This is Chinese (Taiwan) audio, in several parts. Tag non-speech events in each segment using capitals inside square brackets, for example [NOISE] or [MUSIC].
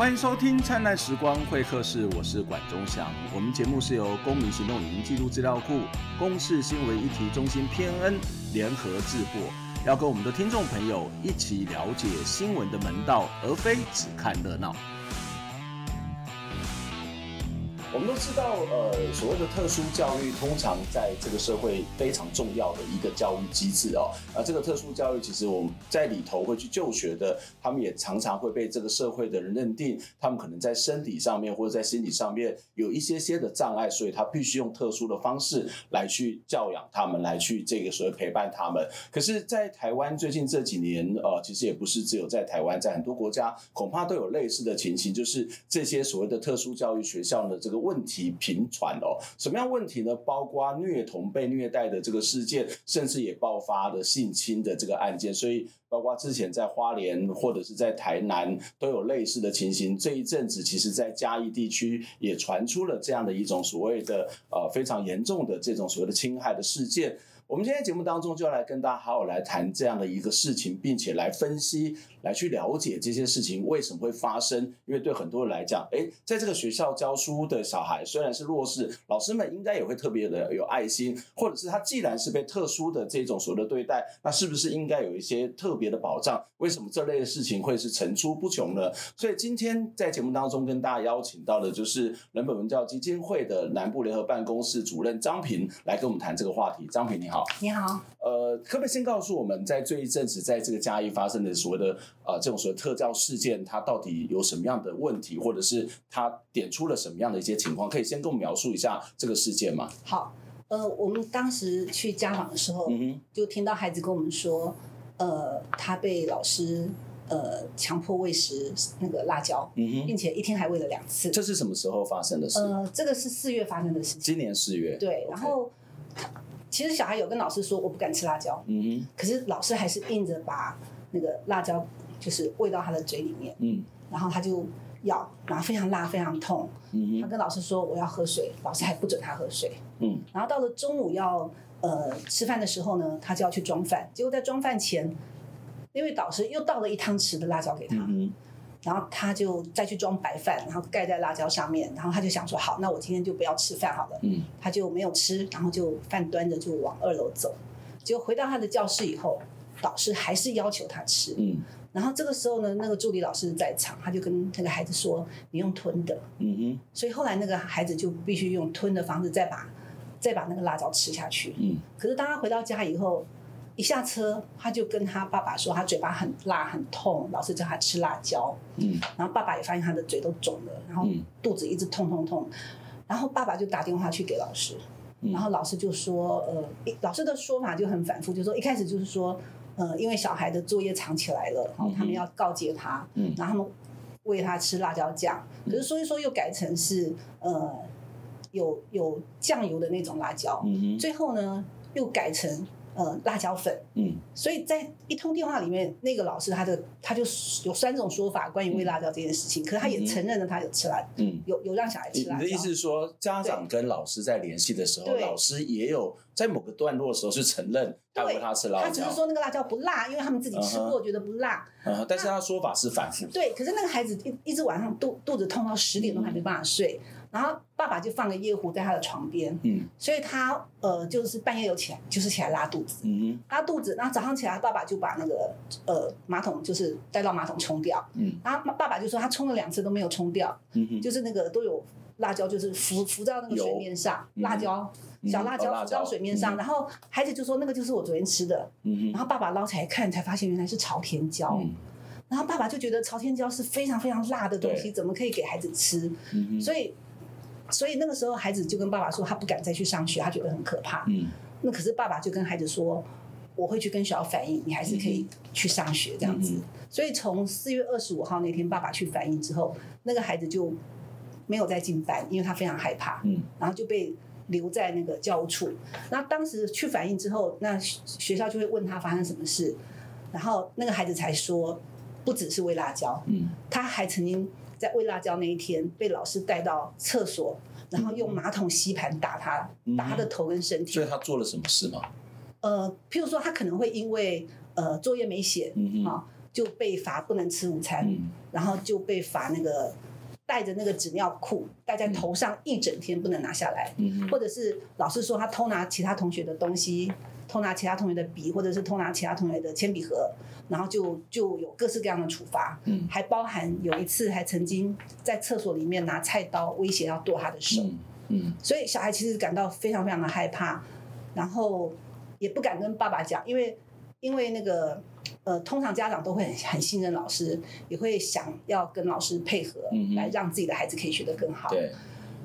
歡迎收聽《燦爛時光會客室》，我是管中祥。我們節目是由公民行動影音記錄資料庫、公視新聞議題中心 PNN 聯合制作，要跟我們的聽眾朋友一起了解新聞的門道，而非只看熱鬧。我們都知道，呃，所謂的特殊教育，通常在這個社會非常重要的一個教育機制哦。啊，這個特殊教育，其實我們在裡頭會去就學的，他們也常常會被這個社會的人認定，他們可能在身體上面或者在心理上面有一些些的障礙，所以他必須用特殊的方式來去教養他們，來去這個所謂陪伴他們。可是，在台灣最近這幾年，呃，其實也不是只有在台灣，在很多國家恐怕都有類似的情形，就是這些所謂的特殊教育學校呢，這個。問題頻傳哦，什麼樣問題呢？包括虐童、被虐待的這個事件，甚至也爆發了性侵的這個案件。所以，包括之前在花蓮或者是在台南都有類似的情形。這一陣子，其實，在嘉義地區也傳出了這樣的一種所謂的呃非常嚴重的這種所謂的侵害的事件。我們今天節目當中就要來跟大家好好來談這樣的一個事情，並且來分析、來去了解這些事情為什麼會發生。因為對很多人來講，哎，在這個學校教書的小孩雖然是弱勢，老師們應該也會特別的有愛心，或者是他既然是被特殊的這種所謂的對待，那是不是應該有一些特別的保障？為什麼這類的事情會是層出不窮呢？所以今天在節目當中跟大家邀請到的就是人本文教基金會的南部聯合辦公室主任張萍來跟我們談這個話題。張萍，你好。好，你好，呃，可不可以先告訴我們，在這一陣子在這個嘉義發生的所謂的呃，這種所謂特教事件，它到底有什麼樣的問題，或者是它點出了什麼樣的一些情況？可以先跟我們描述一下這個事件嗎？好，呃，我們當時去家訪的時候，嗯哼，就聽到孩子跟我們說，呃，他被老師呃強迫餵食那個辣椒，嗯哼，並且一天還餵了兩次。這是什麼時候發生的事？呃，這個是四月發生的事情，今年四月。對，Okay. 然後。其實小孩有跟老師說，我不敢吃辣椒，嗯、mm -hmm. 可是老師還是硬着把那個辣椒就是餵到他的嘴裡面，嗯、mm -hmm.，然後他就咬，然後非常辣，非常痛，嗯、mm -hmm. 他跟老師說，我要喝水，老師還不准他喝水，嗯、mm -hmm.，然後到了中午要呃吃飯的時候呢，他就要去裝飯，結果在裝飯前，那位導師又倒了一湯匙的辣椒給他，嗯、mm -hmm.。然後他就再去裝白飯，然後蓋在辣椒上面，然後他就想說：好，那我今天就不要吃飯好了。嗯，他就沒有吃，然後就飯端着就往二樓走。結果回到他的教室以後，導師還是要求他吃。嗯，然後這個時候呢，那個助理老師在場，他就跟那個孩子說：“你用吞的。”嗯嗯。所以後來那個孩子就必須用吞的方式，再把再把那個辣椒吃下去。嗯。可是當他回到家以後。一下車，他就跟他爸爸說，他嘴巴很辣很痛，老師叫他吃辣椒。嗯，然後爸爸也發現他的嘴都腫了，然後肚子一直痛痛痛，然後爸爸就打電話去給老師，然後老師就說，嗯、呃一，老師的說法就很反覆，就說一開始就是說，呃因為小孩的作業藏起來了，然後他們要告誡他、嗯，然後他們餵他吃辣椒醬，可是說一說又改成是呃有有醬油的那種辣椒，最後呢又改成。呃、嗯，辣椒粉。嗯，所以在一通電話裡面，那個老師他的他就有三種說法關於餵辣椒這件事情，可是他也承認了他有吃辣，嗯，有有讓小孩吃辣椒。你的意思是說，家長跟老師在聯繫的時候，老師也有在某個段落的時候是承認他餵他吃辣椒。他只是說那個辣椒不辣，因為他們自己吃過覺得不辣。嗯，嗯，但是他說法是反覆。對，可是那個孩子一一直晚上肚肚子痛到十點鐘還沒辦法睡。嗯然後爸爸就放個夜壺在他的床邊，嗯、所以他呃就是半夜有起來，就是起來拉肚子、嗯，拉肚子。然後早上起來，爸爸就把那個呃馬桶就是帶到馬桶沖掉、嗯，然後爸爸就說他沖了兩次都沒有沖掉，嗯、就是那個都有辣椒，就是浮浮在那個水面上，辣椒、嗯、小辣椒浮到水面上、嗯，然後孩子就說那個就是我昨天吃的，嗯、然後爸爸撈起來看才發現原來是朝天椒、嗯，然後爸爸就覺得朝天椒是非常非常辣的東西，怎麼可以給孩子吃？嗯、所以。所以那個時候，孩子就跟爸爸說，他不敢再去上學，他覺得很可怕。嗯。那可是爸爸就跟孩子說，我會去跟學校反映，你還是可以去上學這樣子。嗯。所以從四月二十五號那天，爸爸去反映之後，那個孩子就沒有再進班，因為他非常害怕。嗯。然後就被留在那個教務處。嗯。那當時去反映之後，那學校就會問他發生什麼事，然後那個孩子才說，不只是餵辣椒。嗯。他還曾經。在餵辣椒那一天，被老師帶到廁所，然後用馬桶吸盤打他，嗯、打他的頭跟身體。嗯、所以，他做了什麼事嗎？呃，譬如說，他可能會因為呃作業沒寫，嗯、哦、就被罰不能吃午餐，嗯、然後就被罰那個帶着那個紙尿褲戴在頭上一整天不能拿下來、嗯，或者是老師說他偷拿其他同學的東西。偷拿其他同學的筆，或者是偷拿其他同學的鉛筆盒，然後就就有各式各樣的處罰，嗯，還包含有一次還曾經在廁所裡面拿菜刀威脅要剁他的手，嗯，嗯，所以小孩其實感到非常非常的害怕，然後也不敢跟爸爸講，因為因為那個呃，通常家長都會很很信任老師，也會想要跟老師配合，嗯，嗯，來讓自己的孩子可以學得更好，對，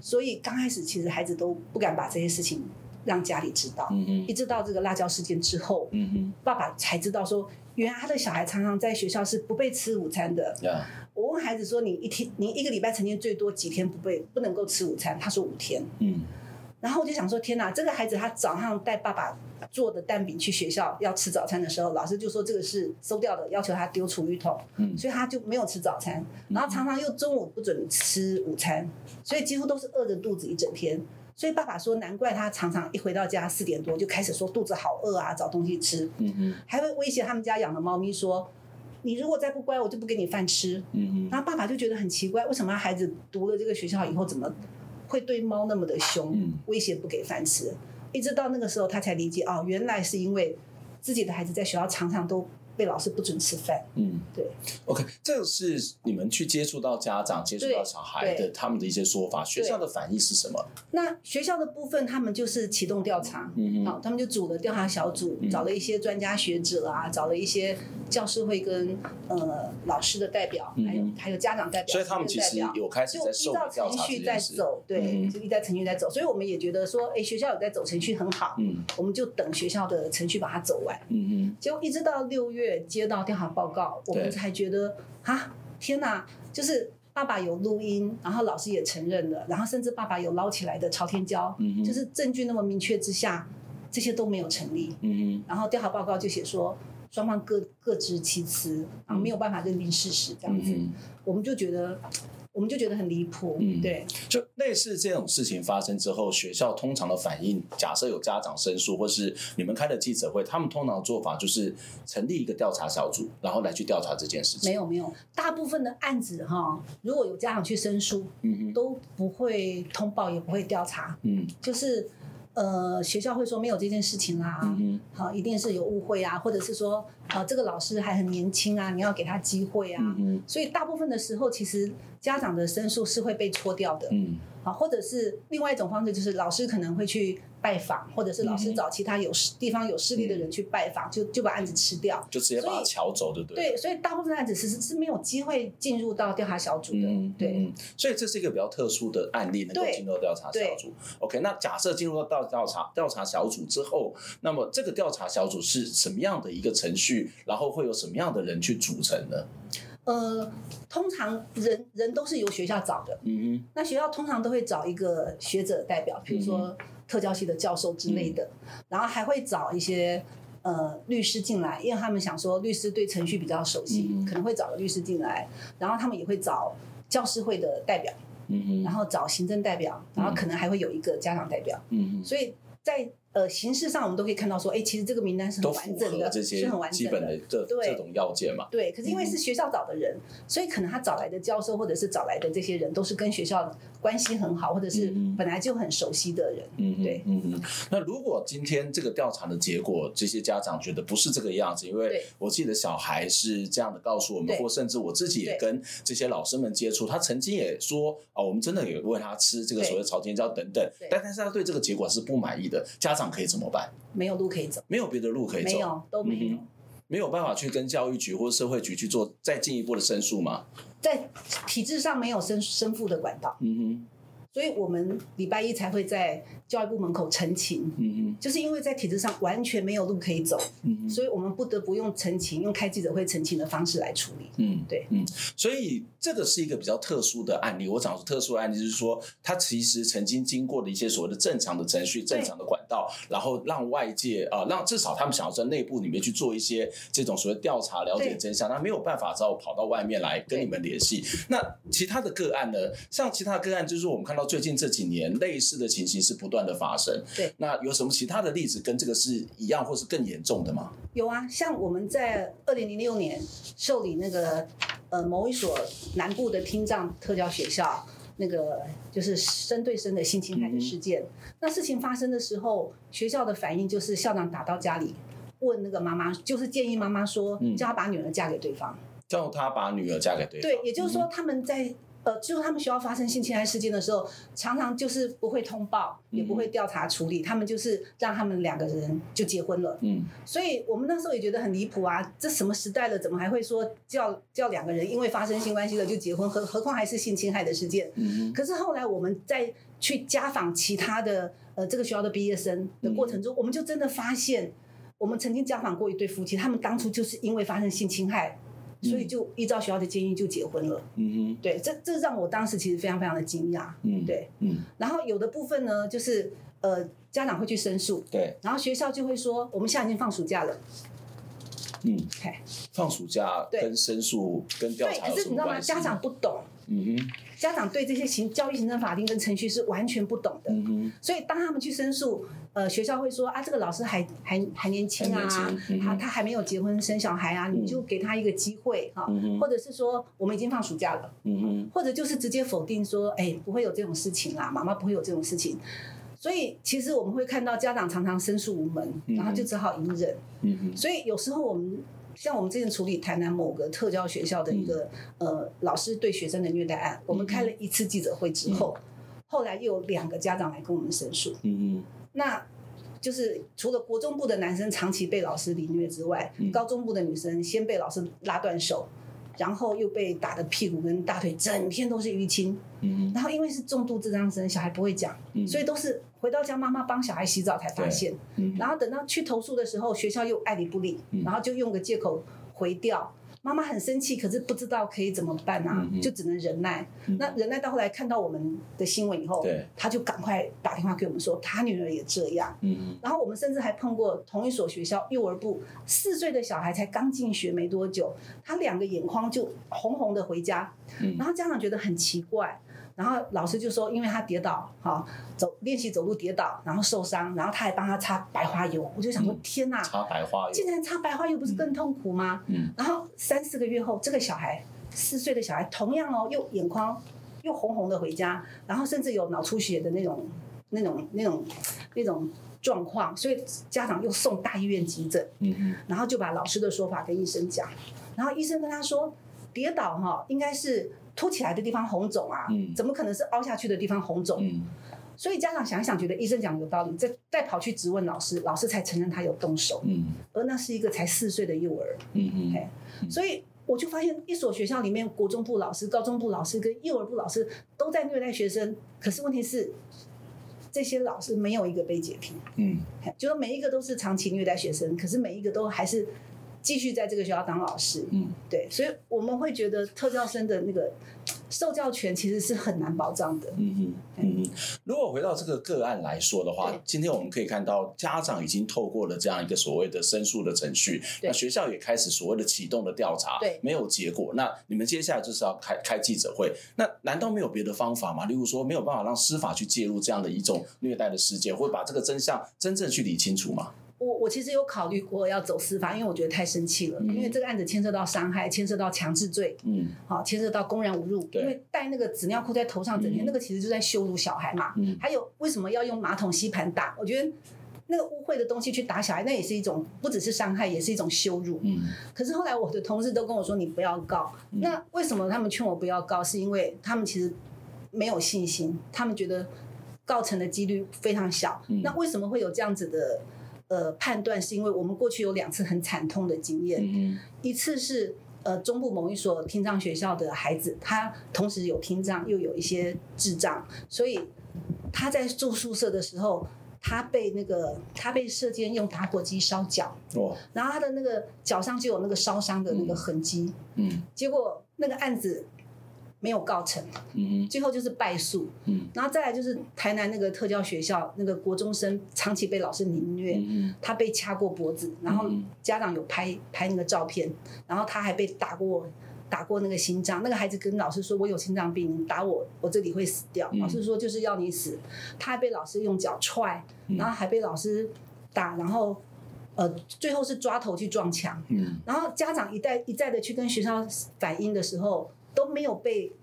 所以剛開始其實孩子都不敢把這些事情。讓家裡知道嗯嗯，一直到這個辣椒事件之後，嗯嗯爸爸才知道說，原來他的小孩常常在學校是不被吃午餐的。嗯，我問孩子說：“你一天，你一個禮拜曾經最多幾天不被不能夠吃午餐？”他說五天。嗯，然後我就想說：“天哪，這個孩子他早上帶爸爸做的蛋餅去學校要吃早餐的時候，老師就說這個是收掉的，要求他丟廚餘桶，嗯，所以他就沒有吃早餐。然後常常又中午不准吃午餐，所以幾乎都是餓着肚子一整天。”所以爸爸說，難怪他常常一回到家四點多就開始說肚子好餓啊，找東西吃。嗯嗯，還會威脅他們家養的貓咪說：“你如果再不乖，我就不給你飯吃。”嗯嗯，然後爸爸就覺得很奇怪，為什麼孩子讀了這個學校以後，怎麼會對貓那麼的兇？威脅不給飯吃，一直到那個時候他才理解哦，原來是因為自己的孩子在學校常常都。被老師不准吃飯。嗯，對。OK，這個是你們去接觸到家長、嗯、接觸到小孩的他們的一些說法，學校的反應是什麼？那學校的部分，他們就是啟動調查。嗯嗯。好，他們就組了調查小組、嗯，找了一些專家學者啊，找了一些教師會跟呃老師的代表，還、嗯、有、嗯、還有家長代表。所以他們其實有開始在受到調查，程序在走，對，嗯、就一直在程序在走。所以我們也覺得說，哎、欸，學校有在走程序，很好。嗯。我們就等學校的程序把它走完。嗯嗯。結果一直到六月。對接到調查報告，我們才覺得啊，天哪！就是爸爸有錄音，然後老師也承認了，然後甚至爸爸有撈起來的朝天椒、嗯哼，就是證據那麼明確之下，這些都沒有成立，嗯哼，然後調查報告就寫說。雙方各各執其詞啊，沒有辦法認定事實，這樣子，嗯，我們就覺得，我們就覺得很離譜，嗯，對。就類似這種事情發生之後，學校通常的反應，假設有家長申訴，或是你們開的記者會，他們通常的做法就是成立一個調查小組，然後來去調查這件事情。沒有，沒有，大部分的案子哈，如果有家長去申訴，嗯嗯，都不會通報，也不會調查，嗯，就是。呃，學校會說沒有這件事情啦，啊，好，嗯，一定是有誤會啊，或者是說，呃，這個老師還很年輕啊，你要給他機會啊，嗯，所以大部分的時候，其實家長的申訴是會被搓掉的。嗯或者是另外一種方式，就是老師可能會去拜訪，或者是老師找其他有、嗯、地方有勢力的人去拜訪，嗯、就就把案子吃掉，就直接把它撬走就對，對不對？對，所以大部分案子其實是沒有機會進入到調查小組的，嗯、對、嗯。所以這是一個比較特殊的案例，能夠進入到調查小組。OK，那假設進入到調查調查小組之後，那麼這個調查小組是什麼樣的一個程序？然後會有什麼樣的人去組成呢？呃，通常人人都是由學校找的，嗯嗯，那學校通常都會找一個學者代表，比如說特教系的教授之類的，嗯嗯，然後還會找一些呃律師進來，因為他們想說律師對程序比較熟悉，嗯嗯，可能會找個律師進來。然後他們也會找教師會的代表，嗯哼、嗯，然後找行政代表，然後可能還會有一個家長代表，嗯哼、嗯。所以在呃，形式上我們都可以看到說，哎、欸，其實這個名單是很完整的，這些很完整基本的這這種要件嘛。對，可是因為是學校找的人，嗯、所以可能他找來的教授、嗯、或者是找來的這些人都是跟學校關係很好，或者是本來就很熟悉的人。嗯對，嗯嗯。那如果今天這個調查的結果，這些家長覺得不是這個樣子，因為我記得小孩是這樣的告訴我們，或甚至我自己也跟這些老師們接觸，他曾經也說啊、哦，我們真的有餵他吃這個所謂的朝天椒等等，但但是他對這個結果是不滿意的，家長。可以怎麼辦？沒有路可以走，沒有別的路可以走，沒有都沒有、嗯，沒有辦法去跟教育局或者社會局去做再進一步的申訴嗎？在體制上沒有申申復的管道。嗯哼。所以我們禮拜一才會在教育部門口陳情，嗯嗯，就是因為在體制上完全沒有路可以走，嗯嗯，所以我們不得不用陳情、用開記者會陳情的方式來處理，嗯，對，嗯，所以這個是一個比較特殊的案例。我講的特殊的案例，就是說，他其實曾經經過的一些所謂的正常的程序、正常的管道，然後讓外界啊、呃，讓至少他們想要在內部裡面去做一些這種所謂調查、了解真相，他沒有辦法，找我跑到外面來跟你們聯繫。那其他的個案呢？像其他的個案，就是我們看到。最近這幾年，類似的情形是不斷的發生。對，那有什麼其他的例子跟這個是一樣，或是更嚴重的嗎？有啊，像我們在二零零六年受理那個呃某一所南部的聽障特教學校，那個就是生對生的性侵孩子事件、嗯。那事情發生的時候，學校的反應就是校長打到家裡問那個媽媽，就是建議媽媽說，嗯、叫她把女兒嫁給對方，叫她把女兒嫁給對方。對，也就是說他們在、嗯。呃，就是他們學校發生性侵害事件的時候，常常就是不會通報，也不會調查處理，嗯，他們就是讓他們兩個人就結婚了。嗯，所以我們那時候也覺得很離譜啊，這什麼時代了，怎麼還會說叫叫兩個人因為發生性關係了就結婚，何何況還是性侵害的事件？嗯，可是後來我們再去家訪其他的呃這個學校的畢業生的過程中，嗯，我們就真的發現，我們曾經家訪過一對夫妻，他們當初就是因為發生性侵害。所以就依照學校的建議就結婚了。嗯哼，對，這這讓我當時其實非常非常的驚訝。嗯，對，嗯。然後有的部分呢，就是呃，家長會去申訴。對。然後學校就會說，我們現在已經放暑假了。嗯，OK，放暑假跟申訴跟調查有什麼關係？對，可是你知道嗎？家長不懂。嗯哼。家長對這些行、教育行政法定、跟程序，是完全不懂的，嗯、所以當他們去申訴，呃，學校會說啊，這個老師還還還年輕啊，他、嗯啊、他還沒有結婚生小孩啊，嗯、你就給他一個機會哈、啊嗯，或者是說我們已經放暑假了，嗯，或者就是直接否定說，哎，不會有這種事情啦，媽媽不會有這種事情。所以其實我們會看到家長常常申訴無門，嗯、然後就只好隱忍，嗯。所以有時候我們。像我們之前處理台南某個特教學校的一個、嗯、呃老師對學生的虐待案、嗯，我們開了一次記者會之後，嗯嗯、後來又有兩個家長來跟我們申訴。嗯嗯，那就是除了國中部的男生長期被老師凌虐之外、嗯，高中部的女生先被老師拉斷手，然後又被打的屁股跟大腿整天都是淤青。嗯嗯，然後因為是重度智障生，小孩不會講，嗯、所以都是。回到家，媽媽幫小孩洗澡才發現、嗯，然後等到去投訴的時候，學校又愛理不理、嗯，然後就用個借口回掉。媽媽很生氣，可是不知道可以怎麼辦啊，嗯、就只能忍耐、嗯。那忍耐到後來看到我們的新聞以後，他就趕快打電話給我們說，他女兒也這樣、嗯。然後我們甚至還碰過同一所學校幼兒部四歲的小孩，才剛進學沒多久，他兩個眼眶就紅紅的回家、嗯，然後家長覺得很奇怪。然後老師就說，因為他跌倒，哈，走練習走路跌倒，然後受傷，然後他還幫他擦白花油，嗯、我就想說，天吶，擦白花油，竟然擦白花油不是更痛苦嗎？嗯。嗯，然後三四個月後，這個小孩四歲的小孩，同樣哦，又眼眶又紅紅的回家，然後甚至有腦出血的那種、那種、那種、那種、那種狀況，所以家長又送大醫院急診。嗯嗯。然後就把老師的說法跟醫生講，然後醫生跟他說，跌倒哈、哦，應該是。凸起來的地方紅腫啊、嗯，怎麼可能是凹下去的地方紅腫、嗯？所以家長想一想，覺得醫生講的有道理，再再跑去質問老師，老師才承認他有動手。嗯，而那是一個才四歲的幼兒。嗯嗯，嘿嗯。所以我就發現一所學校裡面，國中部老師、高中部老師跟幼兒部老師都在虐待學生，可是問題是，這些老師沒有一個被解聘。嗯，就是每一個都是長期虐待學生，可是每一個都還是。繼續在這個學校當老師，嗯，對，所以我們會覺得特教生的那個受教權其實是很難保障的。嗯嗯嗯嗯。如果回到這個個案來說的話，今天我們可以看到家長已經透過了這樣一個所謂的申訴的程序，那學校也開始所謂的啟動的調查，對，沒有結果。那你們接下來就是要開開記者會，那難道沒有別的方法嗎？例如說沒有辦法讓司法去介入這樣的一種虐待的事件，會把這個真相真正去理清楚嗎？我我其實有考慮過要走司法，因為我覺得太生氣了、嗯，因為這個案子牽涉到傷害，牽涉到強制罪，嗯，好、喔，牽涉到公然侮辱，因為戴那個紙尿褲在頭上，整天、嗯、那個其實就在羞辱小孩嘛。嗯、還有為什麼要用馬桶吸盤打？我覺得那個污穢的東西去打小孩，那也是一種不只是傷害，也是一種羞辱。嗯。可是後來我的同事都跟我說，你不要告、嗯。那為什麼他們勸我不要告？是因為他們其實沒有信心，他們覺得告成的幾率非常小、嗯。那為什麼會有這樣子的？呃，判斷是因為我們過去有兩次很慘痛的經驗，嗯、mm -hmm.，一次是呃，中部某一所聽障學校的孩子，他同時有聽障又有一些智障，所以他在住宿舍的時候，他被那個他被舍監用打火機燒腳，哦、oh.，然後他的那個腳上就有那個燒傷的那個痕跡，嗯、mm -hmm.，結果那個案子，沒有告成，最後就是敗訴，嗯。然後再來就是台南那個特教學校，嗯、那個國中生長期被老師凌虐，嗯，他被掐過脖子，嗯，然後家長有拍拍那個照片，然後他還被打過打過那個心臟。那個孩子跟老師說：“我有心臟病，你打我，我這裡會死掉。”嗯，老師說：“就是要你死。”他還被老師用腳踹，然後還被老師打，然後呃，最後是抓頭去撞牆。嗯，然後家長一再一再的去跟學校反映的時候，都沒有被，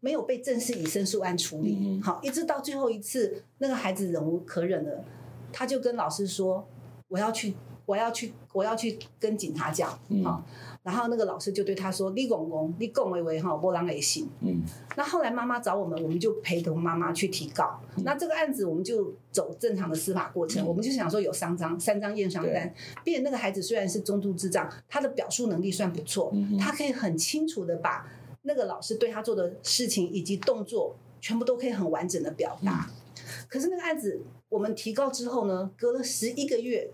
沒有被正式以申訴案處理、嗯。好，一直到最後一次，那個孩子忍無可忍了，他就跟老師說：“我要去，我要去，我要去跟警察講。”嗯，好，然後那個老師就對他說：“你公公，你拱一維哈，我讓也行。”嗯。那後來媽媽找我們，我們就陪同媽媽去提告。嗯、那這個案子我們就走正常的司法過程。嗯、我們就想說有三張三張驗傷單，畢竟那個孩子雖然是中度智障，他的表述能力算不錯，嗯、他可以很清楚的把。那個老師對他做的事情以及動作，全部都可以很完整的表達。可是那個案子我們提告之後呢，隔了十一個月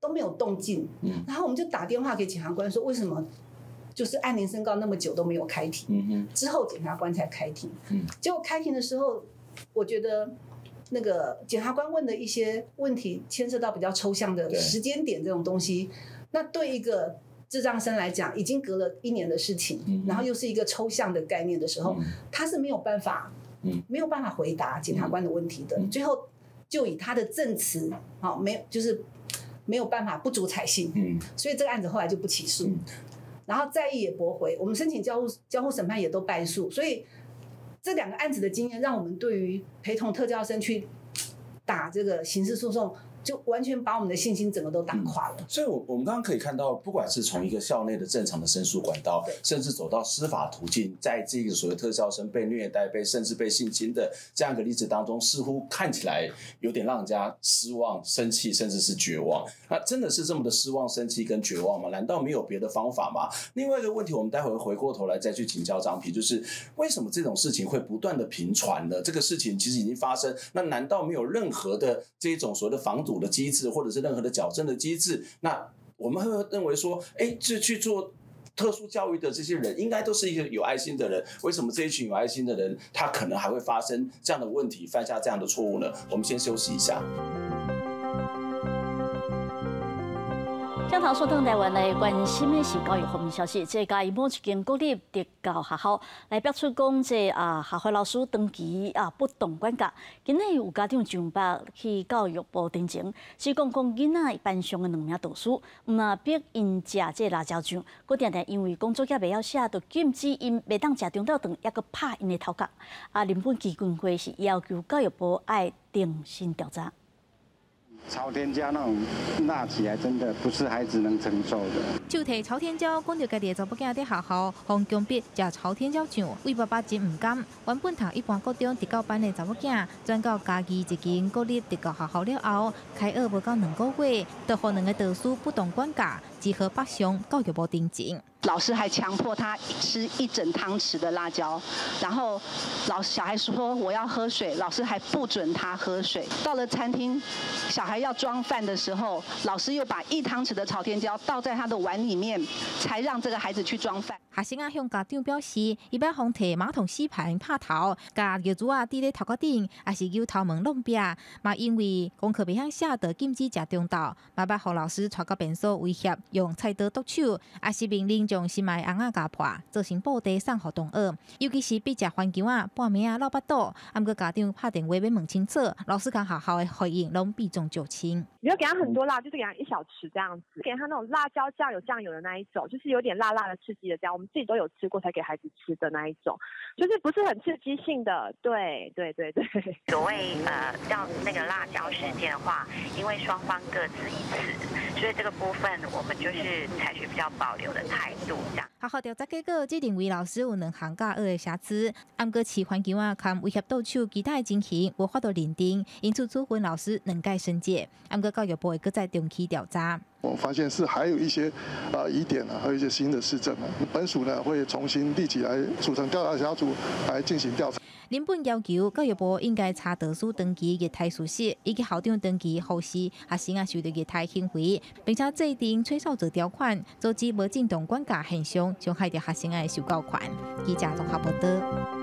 都沒有動靜。然後我們就打電話給檢察官說，為什麼就是按鈴申告那麼久都沒有開庭？之後檢察官才開庭。嗯。結果開庭的時候，我覺得那個檢察官問的一些問題，牽涉到比較抽象的時間點這種東西，那對一個。智障生來講，已經隔了一年的事情，然後又是一個抽象的概念的時候，嗯、他是沒有辦法，嗯、沒有辦法回答檢察官的問題的、嗯嗯。最後就以他的證詞，好、哦，沒有就是沒有辦法不足採信、嗯，所以這個案子後來就不起訴，嗯、然後再議也駁回，我們申請交付交付審判也都敗訴。所以這兩個案子的經驗，讓我們對於陪同特教生去打這個刑事訴訟。就完全把我們的信心整個都打垮了。嗯、所以，我我們剛剛可以看到，不管是從一個校內的正常的申訴管道，甚至走到司法途徑，在這個所謂特教生被虐待被、被甚至被性侵的這樣一個例子當中，似乎看起來有點讓人家失望、生氣，甚至是絕望。那真的是這麼的失望、生氣跟絕望嗎？難道沒有別的方法嗎？另外一個問題，我們待會回過頭來再去請教張萍，就是為什麼這種事情會不斷的頻傳呢？這個事情其實已經發生，那難道沒有任何的這種所謂的防堵？的機制，或者是任何的矯正的機制，那我們會，會認為說，哎，這去做特殊教育的這些人，應該都是一個有愛心的人，為什麼這一群有愛心的人，他可能還會發生這樣的問題，犯下這樣的錯誤呢？我們先休息一下。江彤說，台原來關心的是教育方面消息。即家有某一間國立特教學校來爆出講，即啊，學校老師長期啊，不當管教。囡仔有家長上北去教育部陳情，是講講囡仔班上的兩名導師，唔啊逼因食即辣椒醬，佮常常因為工作業袂曉寫，就禁止因袂當食中晝頓，也佮拍因的頭殼。啊，人本基金會是要求教育部愛定性調查。朝天椒那種辣起來真的不是孩子能承受的。就摕朝天椒講到家己的查某囝佇學校放姜筆食朝天椒醬，魏爸爸真毋甘。原本讀一般高中特教班的查某囝，轉到家己一間國立特教學校了後，開學無到兩個月，就予兩個導師不當管教，只好北上教育部陳情。老師還強迫他吃一整湯匙的辣椒，然後老，小孩說我要喝水，老師還不准他喝水。到了餐廳，小孩要裝飯的時候，老師又把一湯匙的朝天椒倒在他的碗裡面，才讓這個孩子去裝飯。學生啊，向家長表示，伊捌放摕馬桶洗頻拍頭，甲尿苴仔滴咧頭殼頂，也是繞頭毛弄壁。嘛，因為功課袂曉寫，可可得禁止食中晝，嘛被何老師帶到便所威脅，用菜刀剁手，也是命令將新買尪仔咬破，做成布袋送互同學。尤其是被食番薑仔、半暝啊、鬧腹肚。啊毋過家長拍電話要問清楚，老師講學校的回應攏避重就輕。你就給他很多辣，就是給他一小匙這樣子，給他那種辣椒醬有醬油的那一種，就是有點辣辣的刺激的這樣。自己都有吃過才給孩子吃的那一種，就是不是很刺激性的。對對對對。所謂呃叫那個辣椒事件的話，因為雙方各執一詞，所以這個部分我們就是採取比較保留的態度這樣。嗯、好好調查結果，這點位老師有兩行加二個瑕疵，按個其環境啊，含威脅到手其他情形，無法度認定，因此處分老師兩支申誡，按個教育部會擱再長期調查。我發現是還有一些呃疑點啊，還有一些新的事證嘛、啊。本署呢會重新立起來組成調查小組來進行調查。林本要求教育部應該查特殊登記的太熟悉，以及校長登記後事，學生也受到的太輕費，並且制定吹哨者條款，阻止無正當管教現象，傷害到學生的受教權，記者仲嚇不得。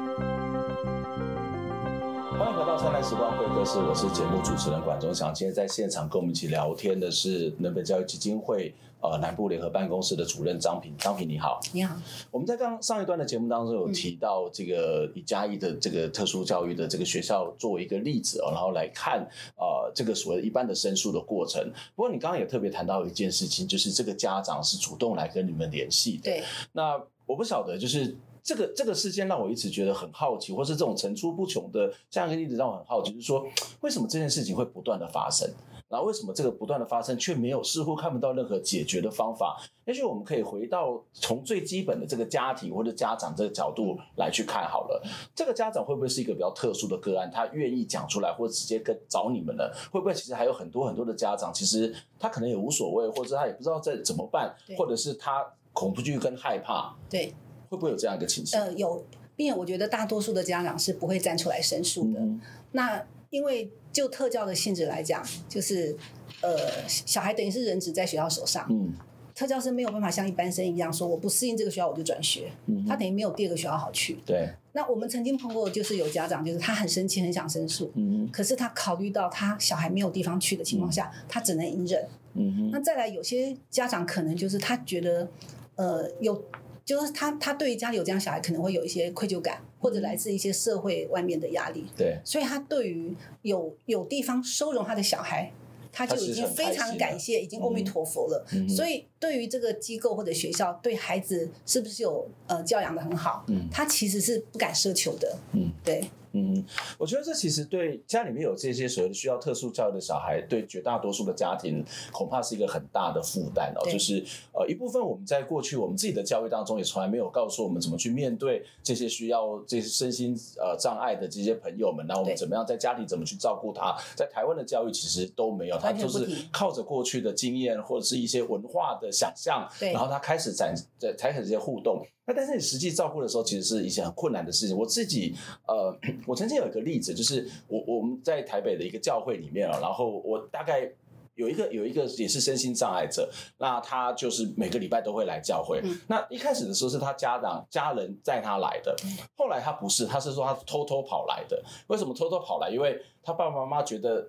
燦爛時光會客室，我是節目主持人管中祥。今天在現場跟我們一起聊天的是人本教育基金會南部聯合辦公室的主任張平。張平你好，你好。我們在剛上一段的節目當中有提到這個嘉義的這個特殊教育的這個學校作為一個例子哦，然後來看呃這個所謂一般的申訴的過程。不過你剛剛也特別談到一件事情，就是這個家長是主動來跟你們聯繫的。對，那我不曉得就是。這個這個事件讓我一直覺得很好奇，或是這種層出不窮的這樣一個例子讓我很好奇，就是說為什麼這件事情會不斷的發生？然後為什麼這個不斷的發生卻沒有似乎看不到任何解決的方法？也許我們可以回到從最基本的這個家庭或者家長這個角度來去看好了。這個家長會不會是一個比較特殊的個案？他願意講出來，或者直接跟找你們呢？會不會其實還有很多很多的家長，其實他可能也無所謂，或者他也不知道在怎麼辦，或者是他恐懼跟害怕？對。會不會有這樣一個情形？呃，有，並且我覺得大多數的家長是不會站出來申訴的。嗯。那因為就特教的性質來講，就是呃，小孩等於是人質在學校手上。嗯，特教生沒有辦法像一般生一樣說，我不適應這個學校，我就轉學。嗯，他等於沒有第二個學校好去。對。那我們曾經碰過，就是有家長就是他很生氣，很想申訴。嗯。可是他考慮到他小孩沒有地方去的情況下，嗯，他只能隱忍。嗯哼。那再來，有些家長可能就是他覺得呃有。就是他，他對於家裡有這樣小孩，可能會有一些愧疚感，或者來自一些社會外面的壓力。對，所以他對於有有地方收容他的小孩，他就已經非常感謝，已經阿彌陀佛了。嗯，所以對於這個機構或者學校，對孩子是不是有呃教養的很好，嗯，他其實是不敢奢求的。嗯，對。嗯，我覺得這其實對家裡面有這些所謂的需要特殊教育的小孩，對絕大多數的家庭恐怕是一個很大的負擔哦。就是呃一部分我們在過去我們自己的教育當中也從來沒有告訴我們怎麼去面對這些需要這些身心呃障礙的這些朋友們，那我們怎麼樣在家裡怎麼去照顧他？在台灣的教育其實都沒有，他就是靠着過去的經驗或者是一些文化的想象，然後他開始展在才開始這些互動。但是你實際照顧的時候，其實是一些很困難的事情。我自己，呃，我曾經有一個例子，就是我我們在台北的一個教會裡面啊，然後我大概有一個有一個也是身心障礙者，那他就是每個禮拜都會來教會，嗯。那一開始的時候是他家長家人帶他來的，後來他不是，他是說他偷偷跑來的。為什麼偷偷跑來？因為他爸爸媽媽覺得。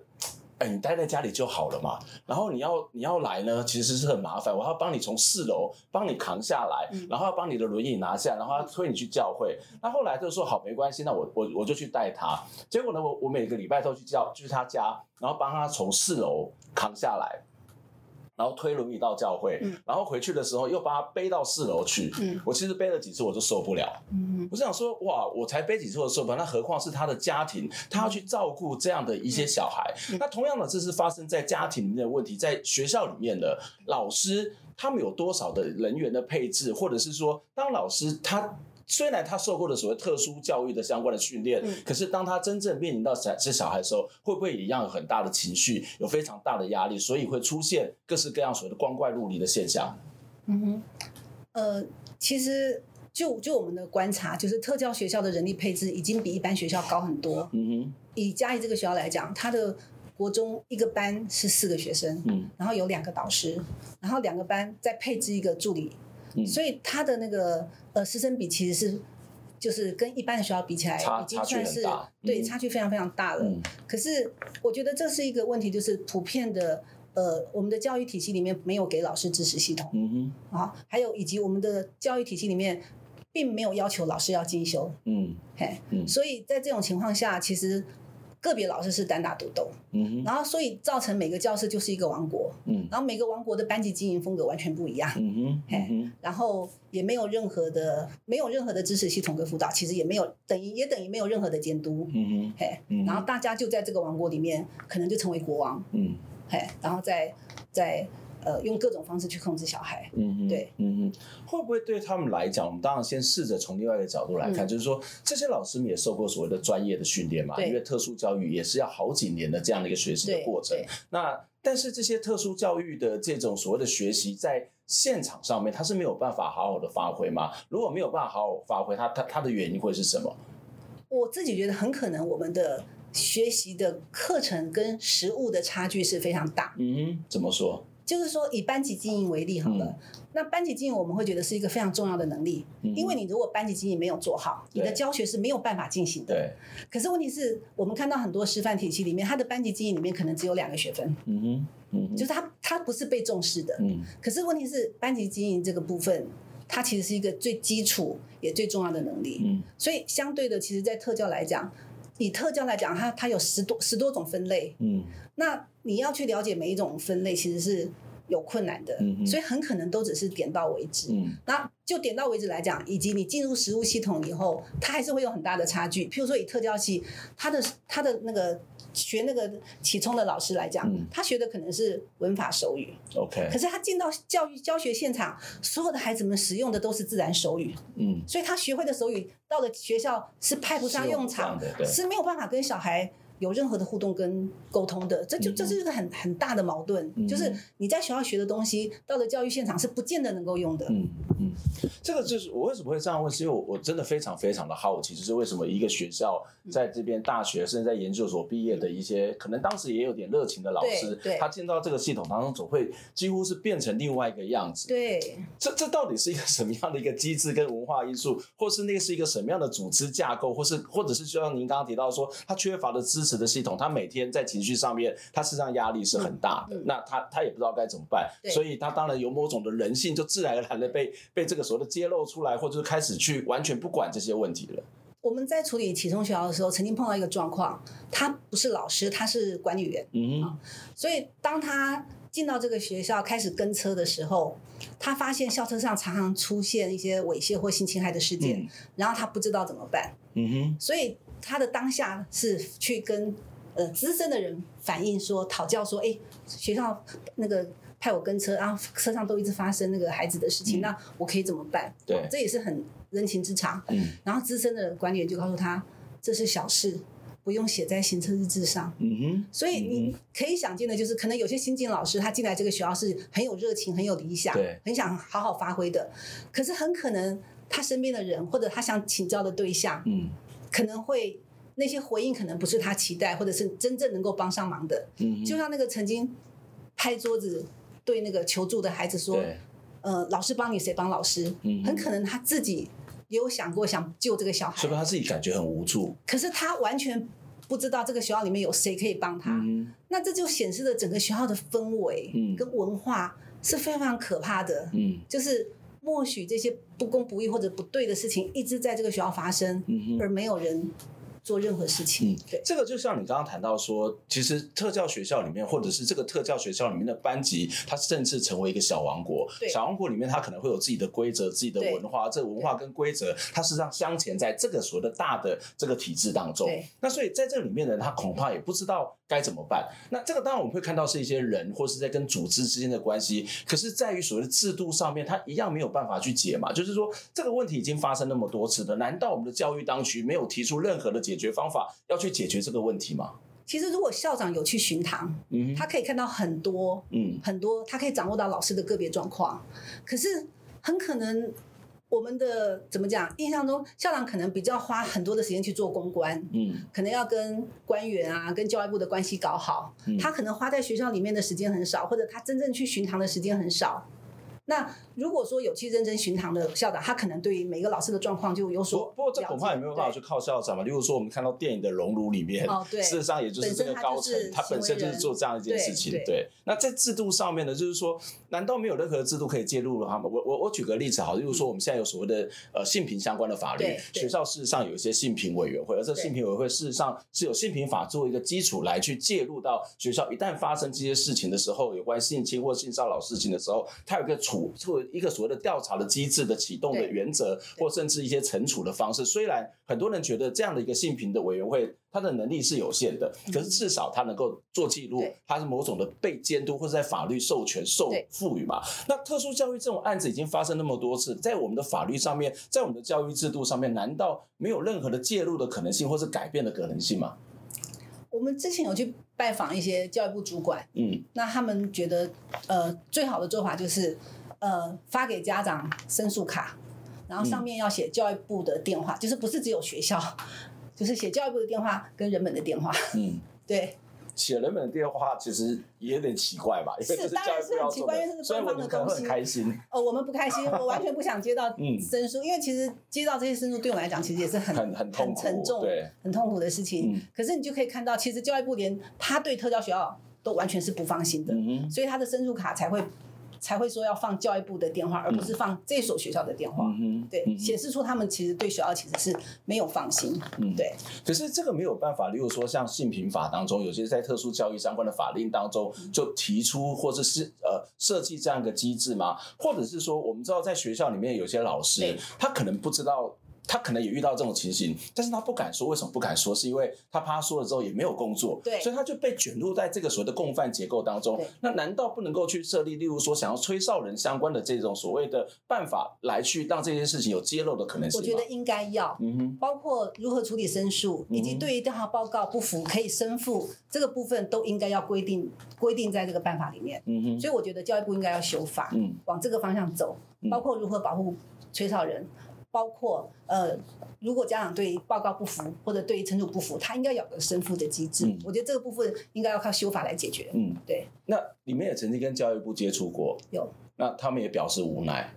哎、欸，你待在家裡就好了嘛。然後你要你要來呢，其實是很麻煩。我要幫你從四樓幫你扛下來，然後要幫你的輪椅拿下，然後要推你去教會。那後來就說好，沒關係，那我我我就去帶他。結果呢，我我每個禮拜都去教就是他家，然後幫他從四樓扛下來。然後推輪椅到教會、嗯，然後回去的時候又把他背到四樓去。嗯、我其實背了幾次我就受不了、嗯。我是想說，哇，我才背幾次我就受不了，那何況是他的家庭，他要去照顧這樣的一些小孩。嗯、那同樣的，這是發生在家庭裡面的問題，在學校裡面的老師，他們有多少的人員的配置，或者是說，當老師他。雖然他受過了所謂特殊教育的相關的訓練，嗯、可是當他真正面臨到這這小孩的時候，會不會也一樣有很大的情緒，有非常大的壓力，所以會出現各式各樣所謂的光怪陸離的現象？嗯哼，呃，其實就就我們的觀察，就是特教學校的人力配置已經比一般學校高很多。嗯哼，以嘉義這個學校來講，他的國中一個班是四個學生，嗯，然後有兩個導師，然後兩個班再配置一個助理。嗯、所以他的那個呃師生比其實是，就是跟一般的學校比起來，差距已經算是差距很大，嗯、對，差距非常非常大了，嗯。可是我覺得這是一個問題，就是普遍的呃，我們的教育體系裡面沒有給老師支持系統，嗯嗯啊，還有以及我們的教育體系裡面並沒有要求老師要進修，嗯，嘿，嗯、所以在這種情況下，其實。個別老師是單打獨鬥，嗯哼，然後所以造成每個教室，就是一個王國，嗯，然後每個王國的班級經營風格完全不一樣，嗯哼，嘿，嗯、然後也沒有任何的，沒有任何的支持系統跟輔導，其實也沒有等於也等於沒有任何的監督，嗯哼，嘿，嗯、然後大家就在這個王國裡面，可能就成為國王，嗯，嘿，然後在在。呃，用各種方式去控制小孩。嗯嗯，對，嗯嗯，會不會對他們來講，我們當然先試着從另外一個角度來看，嗯、就是說，這些老師們也受過所謂的專業的訓練嘛，因為特殊教育也是要好幾年的這樣的一個學習的過程。那但是這些特殊教育的這種所謂的學習在現場上面，他是沒有辦法好好的發揮嗎？如果沒有辦法好好的發揮，他他他的原因會是什麼？我自己覺得，很可能我們的學習的課程跟實務的差距是非常大。嗯哼，怎麼說？就是說，以班級經營為例好了，嗯，那班級經營我們會覺得是一個非常重要的能力，嗯、因為你如果班級經營沒有做好，你的教學是沒有辦法進行的。對，可是問題是我們看到很多師範體系裡面，他的班級經營裡面可能只有兩個學分，嗯哼，嗯嗯，就是他他不是被重視的。嗯，可是問題是班級經營這個部分，它其實是一個最基礎也最重要的能力。嗯，所以相對的，其實，在特教來講，以特教來講，它它有十多十多種分類。嗯，那。你要去了解每一種分類，其實是有困難的。嗯嗯，所以很可能都只是點到為止、嗯。那就點到為止來講，以及你進入實務系統以後，他還是會有很大的差距。譬如說，以特教系他的他的那個學那個啟聰的老師來講、嗯，他學的可能是文法手語，OK，、嗯、可是他進到教育教學現場，所有的孩子們使用的都是自然手語，嗯，所以他學會的手語到了學校是派不上用場用的，對，是沒有辦法跟小孩。有任何的互動跟溝通的，這就這就是個很很大的矛盾、嗯，就是你在學校學的東西，到了教育現場是不見得能夠用的。嗯嗯，這個就是我為什麼會這樣問，是因為我我真的非常非常的好奇，就是為什麼一個學校在這邊大學、嗯、甚至在研究所畢業的一些、嗯、可能當時也有點熱情的老師，對對他進到這個系統當中，總會幾乎是變成另外一個樣子。對，這這到底是一個什麼樣的一個機制跟文化因素，或是那個是一個什麼樣的組織架構，或是或者是就像您剛剛提到說，他缺乏的知識。的系統，他每天在情緒上面，他實際上，壓力是很大的。的、嗯嗯。那他他也不知道該怎麼辦，所以他當然有某種的人性，就自然而然的被被這個時候的揭露出來，或者是開始去完全不管這些問題了。我們在處理啟聰學校的時候，曾經碰到一個狀況，他不是老師，他是管理員。嗯哼、啊，所以當他進到這個學校開始跟車的時候，他發現校車上常常出現一些猥褻或性侵害的事件、嗯，然後他不知道怎麼辦。嗯哼，所以。他的當下是去跟呃資深的人反映說，討教說，哎、欸，學校那個派我跟車，然後車上都一直發生那個孩子的事情，嗯、那我可以怎麼辦？對，這也是很人情之常。嗯，然後資深的管理員就告訴他，這是小事，不用寫在行車日誌上。嗯哼，所以你可以想見的就是，可能有些新進老師他進來這個學校是很有熱情、很有理想，對，很想好好發揮的，可是很可能他身邊的人或者他想請教的對象，嗯。可能會那些回應可能不是他期待，或者是真正能夠幫上忙的。嗯，就像那個曾經拍桌子對那個求助的孩子說：“呃，老師幫你，誰幫老師？”嗯，很可能他自己也有想過想救這個小孩，所以他自己感覺很無助。可是他完全不知道這個學校裡面有誰可以幫他。嗯，那這就顯示着整個學校的氛圍跟文化是非常非常可怕的。嗯，就是。默許這些不公不義或者不對的事情一直在這個學校發生，嗯，而沒有人。做任何事情，嗯，對，這個就像你剛剛談到說，其實特教學校裡面，或者是這個特教學校裡面的班級，它甚至成為一個小王國。對，小王國裡面，它可能會有自己的規則、自己的文化。這個文化跟規則，它實際上鑲嵌在這個所謂的大的這個體制當中。對。那所以在這裡面呢，他恐怕也不知道該怎麼辦。那這個當然我們會看到是一些人，或是在跟組織之間的關係，可是在於所謂的制度上面，他一樣沒有辦法去解嘛。就是說這個問題已經發生那麼多次的，難道我們的教育當局沒有提出任何的解？解決方法要去解決這個問題嗎？其實，如果校長有去巡堂，嗯，他可以看到很多，嗯，很多，他可以掌握到老師的個別狀況。可是，很可能我們的怎麼講？印象中，校長可能比較花很多的時間去做公關，嗯，可能要跟官員啊、跟教育部的關係搞好。他可能花在學校裡面的時間很少，或者他真正去巡堂的時間很少。那如果說有去認真巡堂的校長，他可能對於每一個老師的狀況就有所了解。不過，不過這恐怕也沒有辦法去靠校長嘛。例如說，我們看到電影的熔爐裡面，哦，對，事實上也就是這個高層他，他本身就是做這樣一件事情。對，對。對。那在制度上面呢，就是說，難道沒有任何制度可以介入了嗎？我我我舉個例子好，例如說我們現在有所謂的呃性平相關的法律，學校事實上有一些性平委員會，而這性平委員會事實上是有性平法做一個基礎來去介入到學校，一旦發生這些事情的時候，有關性侵或性騷擾事情的時候，他有一個處。作為一個所謂的調查的機制的啟動的原則，或甚至一些懲處的方式，雖然很多人覺得這樣的一個性平的委員會，它的能力是有限的，可是至少它能夠做記錄，它是某種的被監督，或是在法律授權受賦予嘛。那特殊教育這種案子已經發生那麼多次，在我們的法律上面，在我們的教育制度上面，難道沒有任何的介入的可能性，或是改變的可能性嗎？我們之前有去拜訪一些教育部主管，嗯，那他們覺得，呃，最好的做法就是。呃，發給家長申訴卡，然後上面要寫教育部的電話，嗯，就是不是只有學校，就是寫教育部的電話跟人本的電話。嗯，對。寫人本的電話其實也有點奇怪吧？是，是當然是很奇怪，因為這是官方的東西。很開心。哦，我們不開心，我完全不想接到申訴、 [LAUGHS] 嗯，因為其實接到這些申訴對我們來講其實也是很很很，很很很沉重，對，很痛苦的事情，嗯。可是你就可以看到，其實教育部連他對特教學校都完全是不放心的，嗯，所以他的申訴卡才會。才會說要放教育部的電話，而不是放這所學校的電話。嗯、對、嗯，顯示出他們其實對學校其實是沒有放心。嗯，對，可是這個沒有辦法。例如說，像性平法當中，有些在特殊教育相關的法令當中，就提出或者是呃設計這樣一個機制嘛，或者是說，我們知道在學校裡面有些老師，他可能不知道。他可能也遇到這種情形，但是他不敢說，為什麼不敢說？是因為他怕他說了之後也沒有工作，對，所以他就被捲入在這個所謂的共犯結構當中。那難道不能夠去設立，例如說想要吹哨人相關的這種所謂的辦法，來去讓這件事情有揭露的可能性？我覺得應該要，嗯哼，包括如何處理申訴、嗯，以及對於調查報告不服可以申復、嗯，這個部分，都應該要規定規定在這個辦法裡面，嗯，所以我覺得教育部應該要修法，嗯，往這個方向走，嗯、包括如何保護吹哨人。包括呃，如果家長對報告不服，或者對懲處不服，他應該有個申覆的機制。嗯。我覺得這個部分應該要靠修法來解決。嗯、對。那你們也曾經跟教育部接觸過？有。那他們也表示無奈。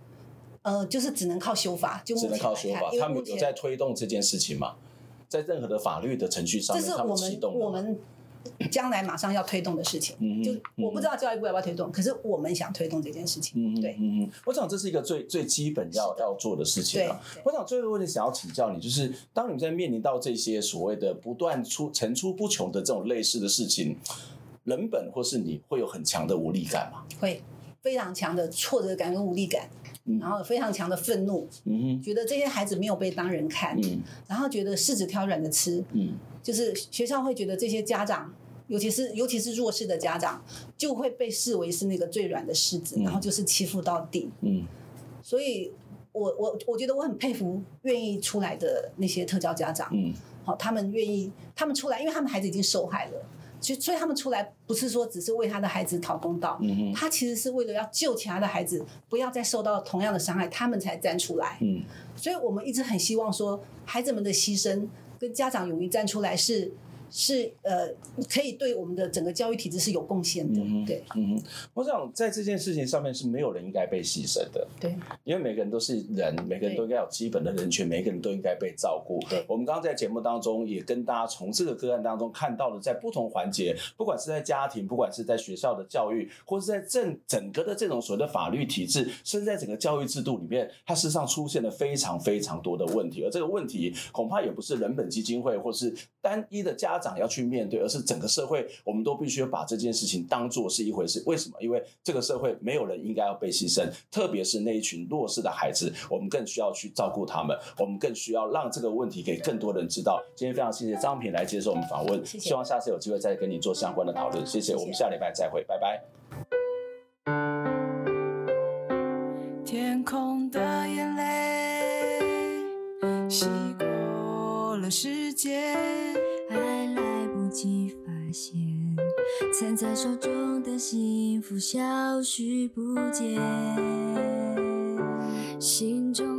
呃，就是只能靠修法，就只能靠修法、哎。他們有在推動這件事情嘛？在任何的法律的程序上面，是我們他們啟動了。將來馬上要推動的事情、嗯，就我不知道教育部要不要推動，嗯、可是我們想推動這件事情。嗯、對，嗯嗯，我想這是一個最最基本要要做的事情了、啊。我想最後一個問題想要請教你，就是當你在面臨到這些所謂的不斷出層出不窮的這種類似的事情，人本或是你會有很強的無力感嗎？會非常強的挫折感跟無力感。嗯、然後非常強的憤怒、嗯，覺得這些孩子沒有被當人看，嗯、然後覺得柿子挑軟的吃、嗯，就是學校會覺得這些家長，尤其是尤其是弱勢的家長，就會被視為是那個最軟的柿子、嗯，然後就是欺負到底嗯。嗯，所以我我我覺得我很佩服願意出來的那些特教家長，嗯，好，他們願意他們出來，因為他們孩子已經受害了。所以他們出來不是說只是為他的孩子討公道、嗯，他其實是為了要救其他的孩子，不要再受到同樣的傷害，他們才站出來、嗯。所以我們一直很希望說，孩子們的犧牲跟家長勇於站出來是。是呃，可以對我們的整個教育體制是有貢獻的、嗯，對，嗯，我想在這件事情上面是沒有人應該被犧牲的，對，因為每個人都是人，每個人都應該有基本的人權，每個人都應該被照顧。對。我們剛剛在節目當中也跟大家從這個個案當中看到了，在不同環節，不管是在家庭，不管是在學校的教育，或是在正整個的這種所謂的法律體制，甚至在整個教育制度裡面，它事實上出現了非常非常多的問題，而這個問題恐怕也不是人本基金會或是單一的家家長要去面對，而是整個社會，我們都必須把這件事情當做是一回事。為什麼？因為這個社會沒有人應該要被犧牲，特別是那一群弱勢的孩子，我們更需要去照顧他們，我們更需要讓這個問題給更多人知道。今天非常謝謝張萍來接受我們訪問，謝謝。希望下次有機會再跟你做相關的討論。謝謝，謝謝，我們下禮拜再會，拜拜。天空的眼淚，洗過了世界。才發現，藏在手中的幸福消失不見，心中。